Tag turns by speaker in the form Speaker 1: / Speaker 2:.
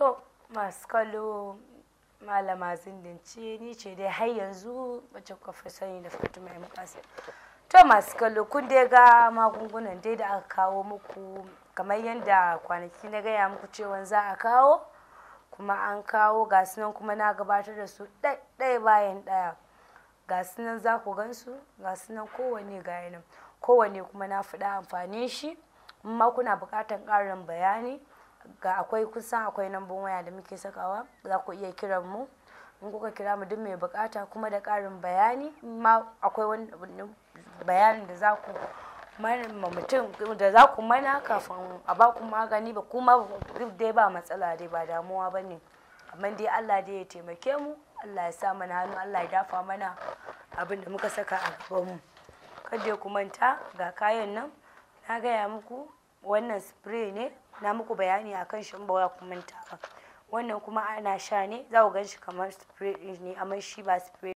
Speaker 1: to masu kallo malama zindince ni ce dai har yanzu wacce kuka fi sani da fatima mai to masu kallo kun dai ga magungunan dai da aka kawo muku kamar yadda kwanaki na gaya muku cewa za a kawo kuma an kawo ga nan kuma na gabatar da su ɗaya bayan ɗaya gasunan za ku gansu gasunan kowane ga kowane kuma na faɗa amfani shi amma kuna buƙatar ƙarin bayani ga akwai kusa akwai nambun waya da muke sakawa za ku iya kiran mu in kuka kira mu duk mai bukata kuma da karin bayani ma akwai wani bayanin da za ku mutum da za ku mana kafin a ba ku magani ba kuma dai ba matsala dai ba damuwa ba ne amma dai allah dai ya taimake mu allah ya sa mana hannu allah ya dafa mana abin da muka saka a gabanmu kada ku manta ga kayan nan na gaya muku wannan spray ne na muku bayani akan shi ba ku manta wannan kuma ana sha ne za ku gan shi kamar spray ne amma shi ba spray